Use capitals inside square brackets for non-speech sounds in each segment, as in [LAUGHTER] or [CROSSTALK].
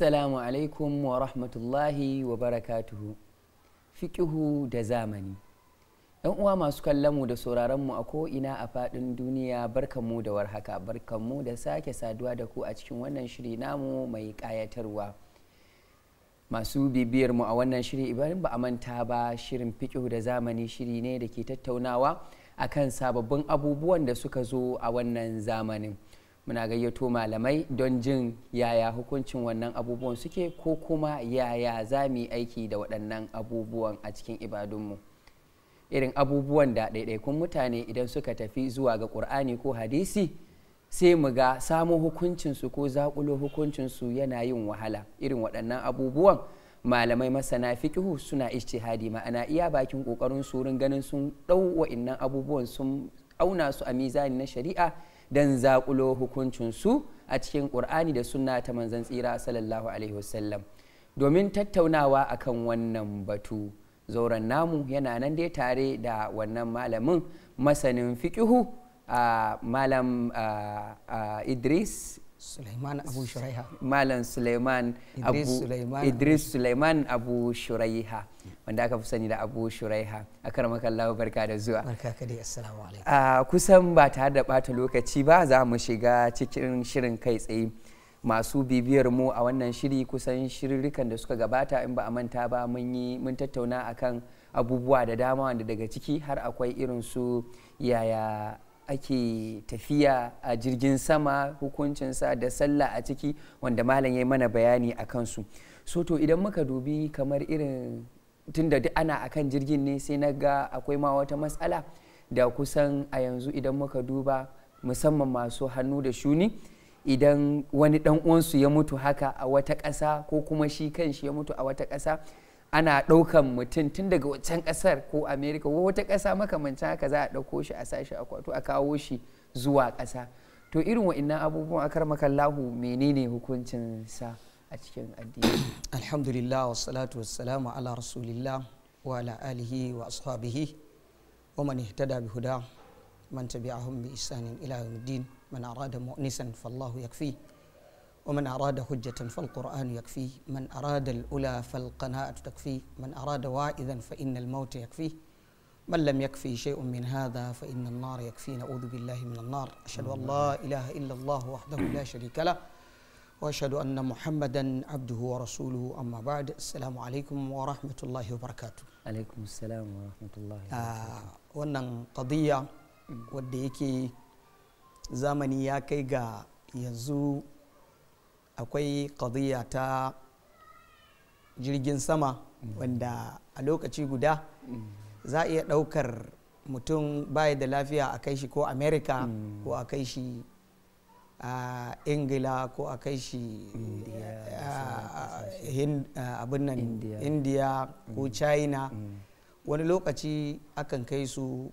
assalamu alaikum wa rahmatullahi wa barakatuhu fiƙihu da zamani yan uwa masu kallonmu da sauraronmu a ko'ina a faɗin duniya barkanmu da warhaka barkanmu da sake saduwa da ku a cikin wannan shiri namu mai ƙayatarwa masu bibiyarmu a wannan shiri idan ba a manta ba shirin fiƙihu da zamani shiri ne da ke tattaunawa akan sababbin abubuwan da suka zo a wannan zamanin muna gayyato malamai don jin yaya hukuncin wannan abubuwan suke ko kuma yaya za mu yi aiki da waɗannan abubuwan a cikin ibadunmu irin abubuwan da ɗaiɗaikun mutane idan suka tafi zuwa ga ƙur'ani ko hadisi sai mu ga samo hukuncinsu ko zaƙulo hukuncinsu yana yin wahala irin waɗannan abubuwan malamai masana fikihu suna ijtihadi ma'ana iya bakin ƙoƙarin su ganin sun ɗau wa'innan abubuwan sun auna su a mizani na shari'a dan zaƙulo hukuncinsu a cikin ƙur'ani da sunna ta manzon tsira sallallahu alaihi wasallam domin tattaunawa akan wannan batu zauren namu yana nan dai tare da wannan malamin masanin fiƙihu a malam idris Sulaiman Abu Shuraiha. Malam Sulaiman Abu Idris Sulaiman Abu Shuraiha wanda aka fi sani da Abu Shuraiha. Akarmakallahu barka da zuwa. Barka ka dai assalamu alaikum. Uh, kusan ba tare da bata lokaci ba za mu shiga cikin shirin kai tsaye. Masu bibiyar mu a wannan shiri kusan shiririkan da suka gabata in ba a manta ba mun yi mun tattauna akan abubuwa da dama wanda daga ciki har akwai irin su yaya ake tafiya a jirgin sama hukuncinsa da sallah a ciki wanda malam ya yi mana bayani a kansu so to idan muka dubi kamar irin tunda duk ana akan jirgin ne sai na ga akwai ma wata matsala da kusan a yanzu idan muka duba musamman masu hannu da shuni idan wani dan uwansu ya mutu haka a wata ƙasa ko kuma shi kan shi ya mutu a wata ƙasa ana ɗaukan mutum tun daga wancan ƙasar ko amerika ko wata ƙasa makamanta haka za a ɗauko shi a sashi kwato a kawo shi zuwa ƙasa to irin wa'innan abubuwan akar makallahu menene hukuncin sa a cikin addini [CLEARS THROAT] alhamdulillah wa salatu wa salamu ala rasulillah wa ala alihi wa ashabihi wa man ihtada bi huda man tabi'ahum bi ihsanin ila yawmiddin man arada mu'nisan fallahu yakfi ومن أراد حجة فالقرآن يكفيه من أراد الأولى فالقناعة تكفيه من أراد واعظا فإن الموت يكفيه من لم يكفي شيء من هذا فإن النار يكفي نعوذ بالله من النار أشهد أن لا نعم. إله إلا الله وحده لا شريك له وأشهد أن محمدا عبده ورسوله أما بعد السلام عليكم ورحمة الله وبركاته عليكم السلام ورحمة الله آه، وبركاته wannan قضية mm. wadda yake zamani ya kai ga yanzu akwai qadiyya ta jirgin sama wanda a lokaci guda za a iya ɗaukar mutum baya da lafiya a kai shi ko Amerika ko a kai shi a ingila ko a kai shi abin nan india ko mm. china mm. wani lokaci akan kai su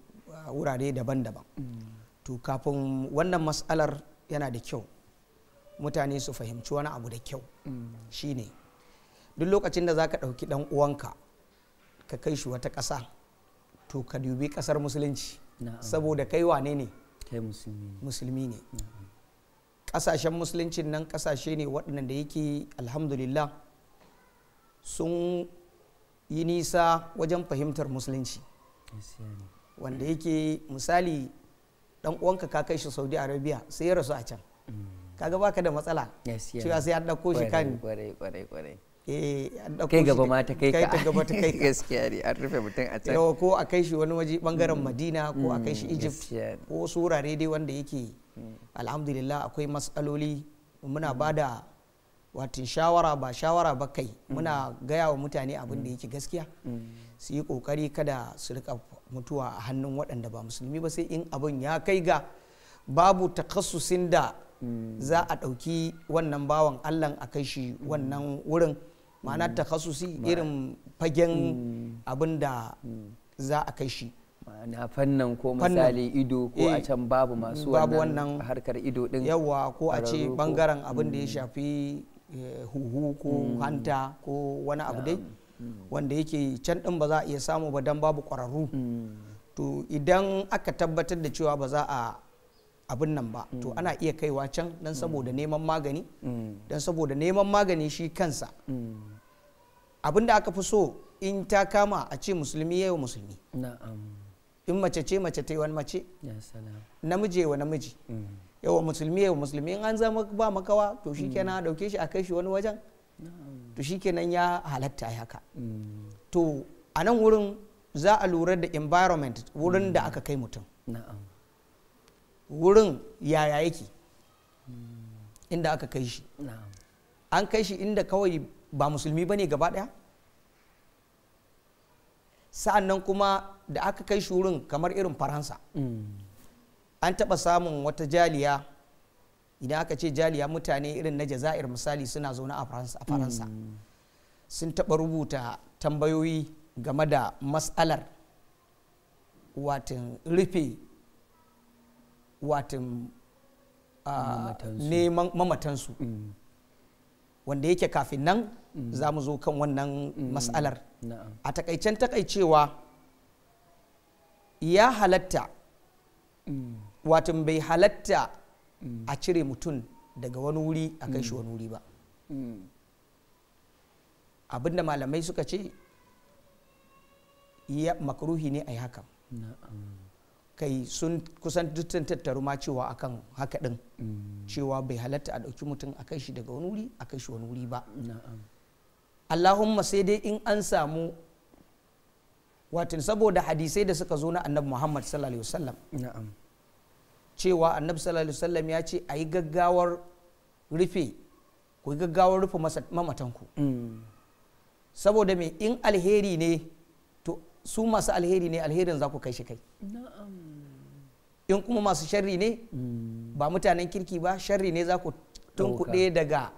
wurare daban-daban mm. to kafin wannan matsalar yana da kyau mutane su fahimci wani abu da kyau mm. shine duk lokacin da za ka ɗauki ɗan uwanka ka kai shi wata ƙasa to ka dubi ƙasar musulunci saboda kai wane ne musulmi ne ƙasashen musuluncin nan ƙasashe ne waɗanda yake alhamdulillah sun yi nisa wajen fahimtar musulunci wanda yake misali ɗan uwanka ka kai shi saudi arabia sai ya rasu a can mm. kaga baka da matsala cewa sai an ɗauko shi kan eh, kai gaba ma ta kai ka gaba ta kai [LAUGHS] gaskiya ne an rufe mutum a can ko a kai shi wani waje bangaren mm. madina ko a kai shi mm, egypt ko surare dai wanda yake mm. alhamdulillah akwai matsaloli muna ba da watin shawara ba shawara ba kai muna gaya wa mutane abin da yake gaskiya su yi kokari kada su rika mutuwa a hannun waɗanda ba musulmi ba sai in abin ya kai ga babu takassusin da za a ɗauki wannan bawan allan a kai shi wannan wurin ma'ana kasusi irin fagen mm. abin da mm. za a kai shi na fannan ko misali ido ko a eh, can babu masu wannan harkar ido din yawa ko a ce bangaren abin da ya mm. shafi eh, huhu ko hanta ko wani abu dai wanda yake can din ba za a iya samu ba don babu kwararru to idan aka tabbatar da cewa ba za a abin nan ba to mm. ana iya kaiwa can don mm. saboda neman magani mm. don saboda neman magani shi kansa abin da aka fi so in ta kama a ce musulmi yau musulmi in mace ce mace ta yi wani mace namiji wa namiji yawa musulmi yau musulmi in an zama ba makawa to shi kena dauke shi a kai shi wani wajen to shi kenan ya halatta haka to a nan wurin za a lura da environment wurin da aka kai mutum wurin yaya yake inda aka kai shi an kai shi inda kawai ba musulmi ba ne gaba ɗaya nan kuma da aka kai shi wurin kamar irin faransa mm. an taɓa samun wata jaliya idan aka ce jaliya mutane irin na jaza'ir misali suna zaune a faransa mm. sun taɓa rubuta tambayoyi game da matsalar watan rufe watan neman ah, mamatansu mm. wanda yake kafin nan mm. za mu zo kan wannan mm. mas'alar a takaicen takaicewa ya halatta watan bai halatta a cire mutum daga wani wuri a kai shi wani wuri ba abinda malamai suka ce makaruhi ne a yi haka kai sun kusan duk sun tattaru ma cewa akan haka din mm. cewa bai halatta a ɗauki mutum a kai shi daga wani wuri a kai shi wani wuri ba Allahumma sai dai in an samu watin saboda hadisai da suka zo na annabi Muhammad sallallahu alaihi wasallam cewa annabi sallallahu alaihi wasallam ya ce a yi gaggawar rufe ku yi gaggawar rufe mamatanku mm. saboda me in alheri ne su masu alheri ne alherin za ku kai shi kai in kuma masu sharri ne hmm. ba mutanen kirki ba sharri ne za ku tunkuɗe daga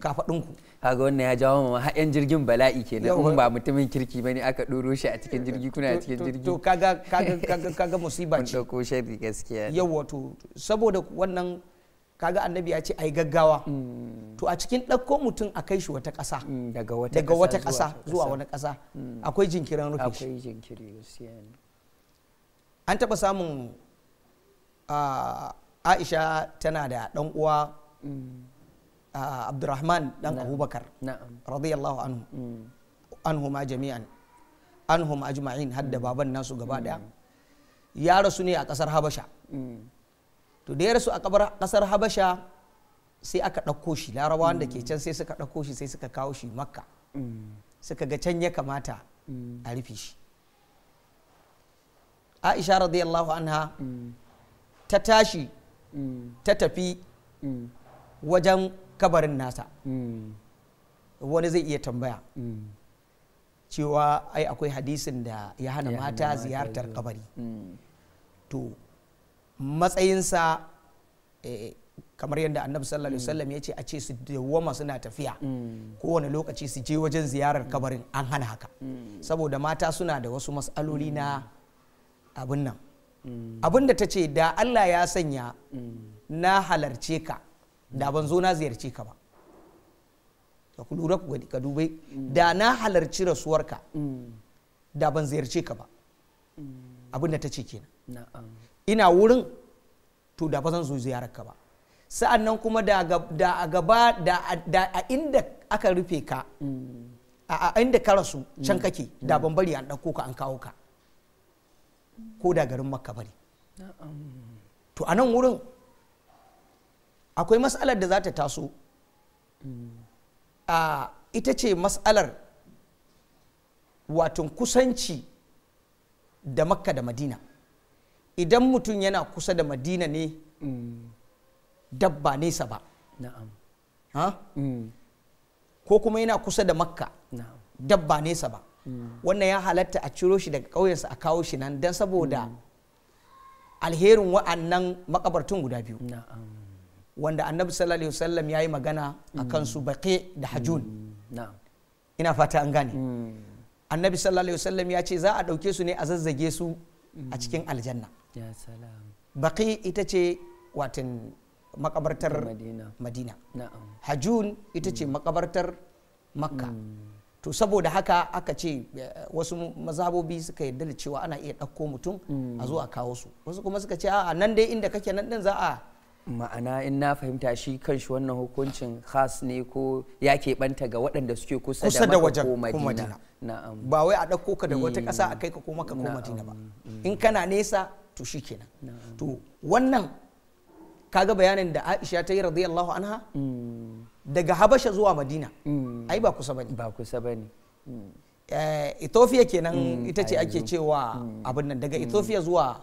kafaɗinku kaga wannan ya jawo ma haɗin jirgin bala'i kenan in ba mutumin kirki bane aka ɗoro shi a cikin jirgi kuna a cikin jirgi to kaga kaga kaga musiba ce ko sharri gaskiya yawa to saboda wannan kaga annabi ya ce ai gaggawa mm. to a cikin ɗauko mutum a kai shi wata ƙasa mm, daga wata ƙasa zuwa wani ƙasa mm. akwai jinkirin rufe shi akwai jinkiri an taɓa samun aisha tana da ɗan uwa abdurrahman ɗan abubakar radiyallahu anhu anhu ma jami'an anhu ma ajma'in hadda baban nasu gaba ɗaya ya rasu ne a ƙasar habasha to da ya rasu a kasar habasha sai aka ɗauko shi larabawan da ke can sai suka ɗauko shi sai suka kawo shi makka suka ga can ya kamata a rufe shi aisha radiyallahu anha ta tashi ta tafi wajen kabarin nasa wani zai iya tambaya cewa ai akwai hadisin da ya hana mata ziyartar kabari to matsayinsa eh, kamar yadda annabi sallallahu alaihi wasallam ya ce a ce su dawoma suna tafiya mm. kowane lokaci su je wajen ziyarar mm. kabarin an hana haka mm. saboda mata suna da wasu matsaloli na abin nan abin da ta ce da Allah ya sanya na halarce ka da ban zo na ziyarce ka ba ka lura ka dube da na halarci rasuwarka da ban ziyarce ka ba abin da ta ce kenan ina wurin to da ba zan zo ziyarar ka ba sa'an nan kuma da a gaba da a inda aka rufe ka a inda ka rasu can kake da ban bari an ɗauko ka an kawo ka ko da garin makka bari to a nan wurin akwai matsalar da za ta taso a ita ce matsalar wato kusanci da makka da madina idan mutum yana kusa da madina ne dabba nesa ba mm. ko kuma yana kusa da makka dabba nesa ba mm. wannan ya halatta a ciro shi daga ƙauyensa a kawo shi nan don saboda mm. alherin wa'annan makabartun guda biyu wanda annabi sallallahu alaihi wasallam ya yi magana a kansu baƙe da hajun ina fata an gane annabi sallallahu alaihi wasallam ya ce za a ɗauke su ne a zazzage su a cikin aljanna baki ita ce watan makabartar madina, madina. hajjun ita ce hmm. makabartar makka hmm. to saboda haka aka ce eh, wasu mazabobi suka yarda da cewa ana iya ɗauko mutum a hmm. zo a kawo su wasu kuma suka ce a nan dai inda kake nan din za a ma'ana in na fahimta shi kanshi wannan hukuncin khas ne ko ya keɓanta ga waɗanda suke kusa da wajen ko madina ba wai a ɗauko ka da wata ƙasa a kai ka ko maka ko madina ba in kana nesa to shi kenan to wannan kaga bayanin da aisha ta yi radiyallahu anha mm. daga habasha zuwa madina mm. ai ba kusa bane ba kusa bane mm. eh, ethiopia kenan ita ce ake cewa abin nan daga ethiopia zuwa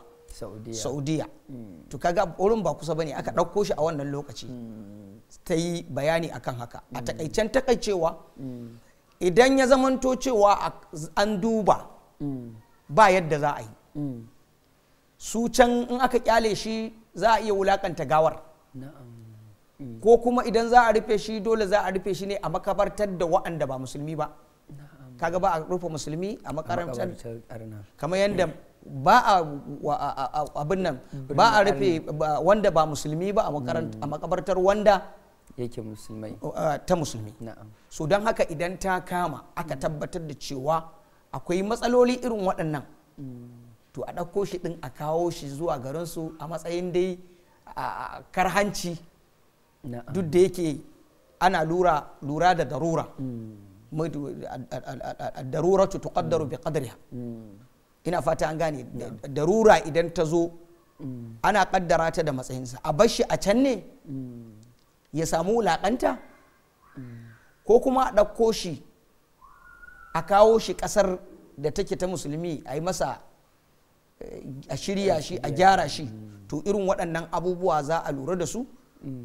saudiya to kaga wurin ba kusa bane aka ɗauko shi a wannan lokaci ta yi bayani akan haka a takaicen takaicewa idan ya zamanto cewa an duba ba yadda za a yi su can in aka kyale shi za a iya wulakanta gawar ko kuma idan za a rufe shi dole za a rufe shi ne a makabartar da wa'anda ba musulmi ba kaga ba a rufe musulmi a makarantar kamar yadda ba a abin nan ba a rufe wanda ba musulmi ba a hmm. makabartar wanda yake musulmai ta musulmi so don haka idan ta kama aka tabbatar da cewa akwai matsaloli irin waɗannan hmm. to a ɗauko shi ɗin a kawo shi zuwa garinsu a matsayin dai a karhanci duk da yake ana lura da darura mm. darura tu tuqaddaru bi qadriha mm. ina fata an gane darura idan ta zo mm. ana kaddara ta da matsayinsa a bar shi a can ne ya samu wulaƙanta ko kuma a ɗauko shi a kawo shi ƙasar da take ta musulmi a yi masa a shirya shi a gyara shi to irin waɗannan abubuwa za a lura da su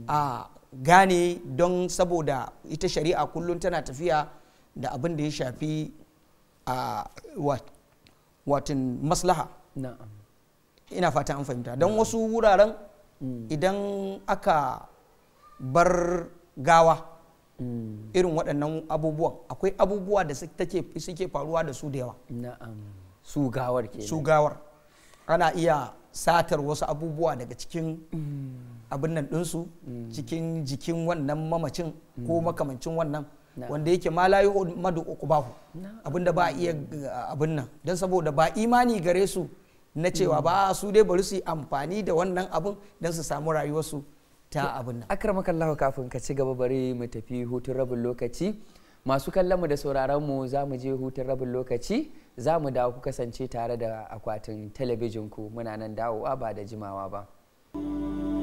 a gane don saboda ita shari'a kullum tana tafiya da abin da ya shafi a watin maslaha ina fata an fahimta don wasu wuraren idan aka bar gawa irin waɗannan abubuwan akwai abubuwa da suke faruwa da su da yawa su gawar su gawar ana iya satar wasu abubuwa daga cikin abin nan ɗinsu cikin jikin wannan mamacin ko mm. makamancin wannan wanda yake ma layu madu bahu abinda ba iya abin nan don saboda ba imani gare su na cewa mm. ba su dai bari su yi amfani da wannan abin don su samu rayuwarsu ta abin nan akramakallahu kafin ka ci gaba bari mu tafi hutun rabin lokaci masu kallon mu da sauraron mu za mu je hutun rabin lokaci za mu dawo ku kasance tare da akwatin talabijin ku muna nan dawowa ba da jimawa ba.